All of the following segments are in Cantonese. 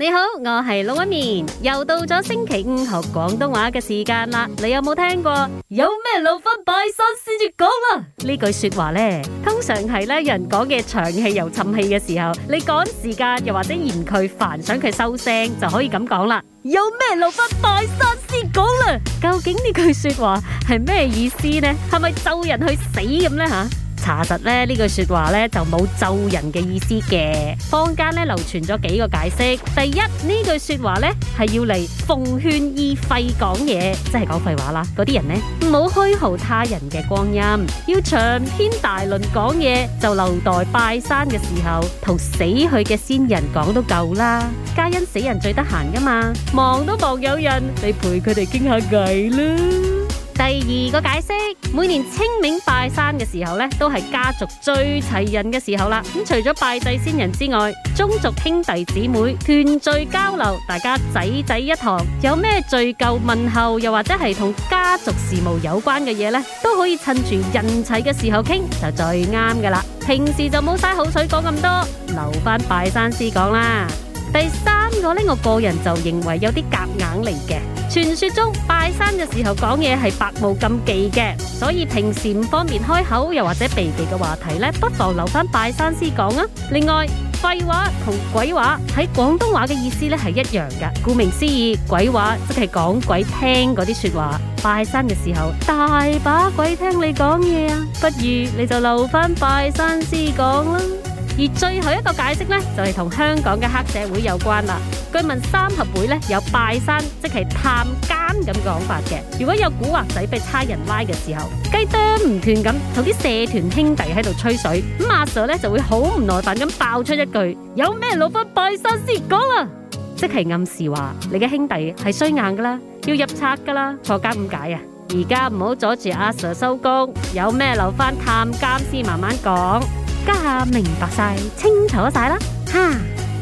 你好，我係龍紋敏，又到咗星期五學廣東話嘅時間啦。你有冇聽過有咩留返拜山先至講啊？呢句說話呢，通常係咧人講嘅長氣又沉氣嘅時候，你趕時間又或者嫌佢煩，想佢收聲就可以咁講啦。有咩留返拜山先講啦？究竟呢句說話係咩意思呢？係咪咒人去死咁呢？吓、啊？查實咧，呢句說話咧就冇咒人嘅意思嘅，坊間咧流傳咗幾個解釋。第一，呢句話說話咧係要嚟，奉勸以廢講嘢，即係講廢話啦。嗰啲人呢，唔好虛耗他人嘅光陰，要長篇大論講嘢就留待拜山嘅時候同死去嘅先人講都夠啦。皆因死人最得閒噶嘛，忙都忙有人你陪佢哋傾下偈啦。第二個解釋。每年清明拜山嘅時候咧，都係家族最齊人嘅時候啦。咁、嗯、除咗拜祭先人之外，宗族兄弟姊妹團聚交流，大家仔仔一堂，有咩聚舊問候，又或者係同家族事務有關嘅嘢咧，都可以趁住人齊嘅時候傾，就最啱噶啦。平時就冇嘥口水講咁多，留翻拜山時講啦。第三個呢，我個人就認為有啲夾硬嚟嘅。傳說中拜山嘅時候講嘢係百無禁忌嘅，所以平時唔方便開口，又或者避忌嘅話題呢，不妨留翻拜山先講啊。另外，廢話同鬼話喺廣東話嘅意思呢係一樣㗎。顧名思義，鬼話即係講鬼聽嗰啲說話。拜山嘅時候大把鬼聽你講嘢啊，不如你就留翻拜山先講啦。而最後一個解釋呢，就係、是、同香港嘅黑社會有關啦。據聞三合會呢，有拜山，即係探監咁講法嘅。如果有古惑仔被差人拉嘅時候，雞啄唔斷咁，同啲社團兄弟喺度吹水。咁、嗯、阿 Sir 呢就會好唔耐煩咁爆出一句：有咩留翻拜山先講啊！即係暗示話你嘅兄弟係衰硬噶啦，要入賊噶啦，坐監咁解啊？而家唔好阻住阿 Sir 收工，有咩留翻探監先慢慢講。家下明白晒，清楚晒啦！哈，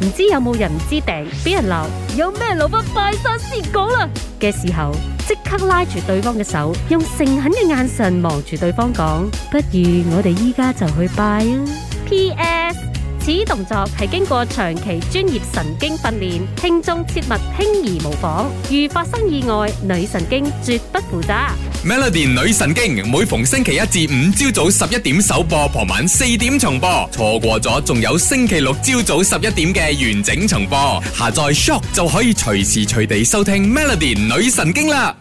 唔知有冇人知掟俾人鬧，有咩留翻拜山先講啦！嘅時候，即刻拉住對方嘅手，用誠懇嘅眼神望住對方講：「不如我哋依家就去拜啊。」p s PS 此動作係經過長期專業神經訓練，輕中切勿輕易模仿。如發生意外，女神經絕不負責。Melody 女神經每逢星期一至五朝早十一點首播，傍晚四點重播。錯過咗，仲有星期六朝早十一點嘅完整重播。下載 Shop 就可以隨時隨地收聽 Melody 女神經啦。